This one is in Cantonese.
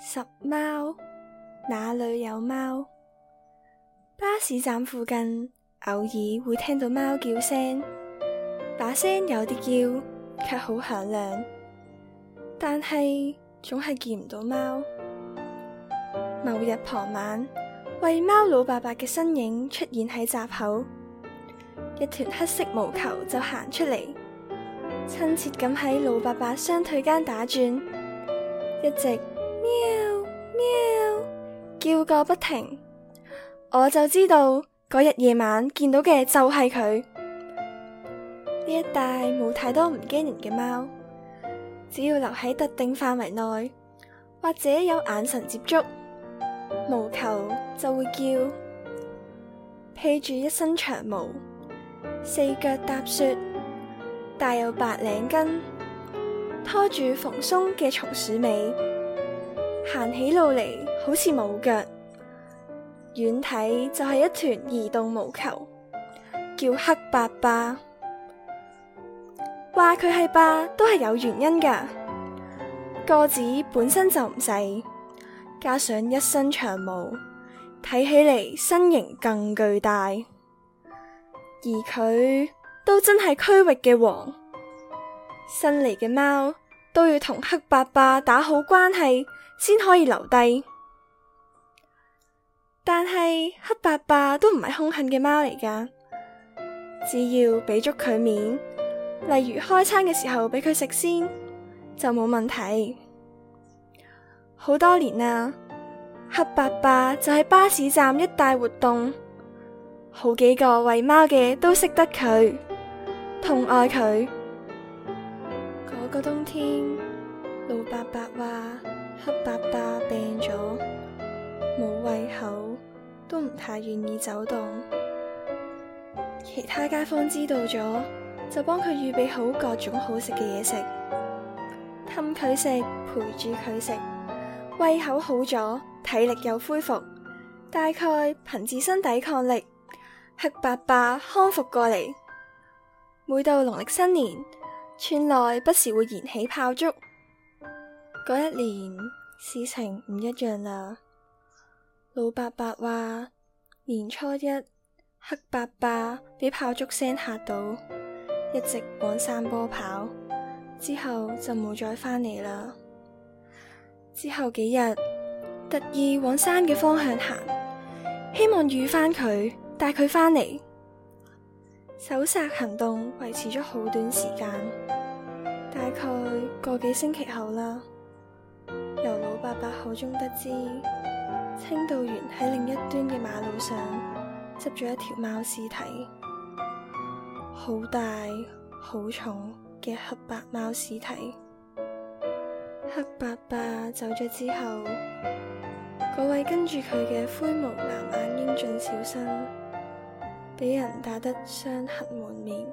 拾貓，那裏有貓？巴士站附近偶爾會聽到貓叫聲，把聲有啲叫，卻好響亮，但係總係見唔到貓。某日傍晚，餵貓老伯伯嘅身影出現喺閘口，一團黑色毛球就行出嚟，親切咁喺老伯伯雙腿間打轉，一直，喵喵叫個不停，我就知道嗰日夜晚見到嘅就係佢。呢一帶冇太多唔驚人嘅貓，只要留喺特定範圍內，或者有眼神接觸，毛球就會叫。披住一身長毛，四腳踏雪，帶有白領巾，拖住蓬鬆嘅松鼠尾。行起路嚟好似冇腳，遠睇就係一團移動毛球，叫黑白霸。話佢係霸都係有原因噶，個子本身就唔細，加上一身長毛，睇起嚟，身形更巨大。而佢都真係區域嘅王，新嚟嘅貓，都要同黑白霸打好關係先可以留低，但係黑白霸都唔係兇狠嘅貓嚟噶，只要俾足佢面，例如開餐嘅時候俾佢食先，就冇問題。好多年啦，黑白霸就喺巴士站一帶活動，好幾個餵貓嘅都識得佢，痛愛佢。嗰個冬天，老伯伯話黑伯伯病咗，冇胃口，都唔太願意走動。其他街坊知道咗，就幫佢預備好各種好食嘅嘢食，氹佢食，陪住佢食。胃口好咗，體力又恢復，大概憑自身抵抗力，黑伯伯康復過嚟。每到農曆新年，村內不時會燃起炮竹，嗰一年事情唔一樣啦。老伯伯話年初一，黑伯伯畀炮竹聲嚇到，一直往山坡跑，之後就冇再返嚟啦。之後幾日特意往山嘅方向行，希望遇返佢，帶佢返嚟。搜殺行動維持咗好短時間，大概個幾星期後啦。由老伯伯口中得知，清道員喺另一端嘅馬路上執咗一條貓屍體，好大好重嘅黑白貓屍體。黑伯伯走咗之後，嗰位跟住佢嘅灰毛藍眼英俊小生，被人打得傷痕滿面。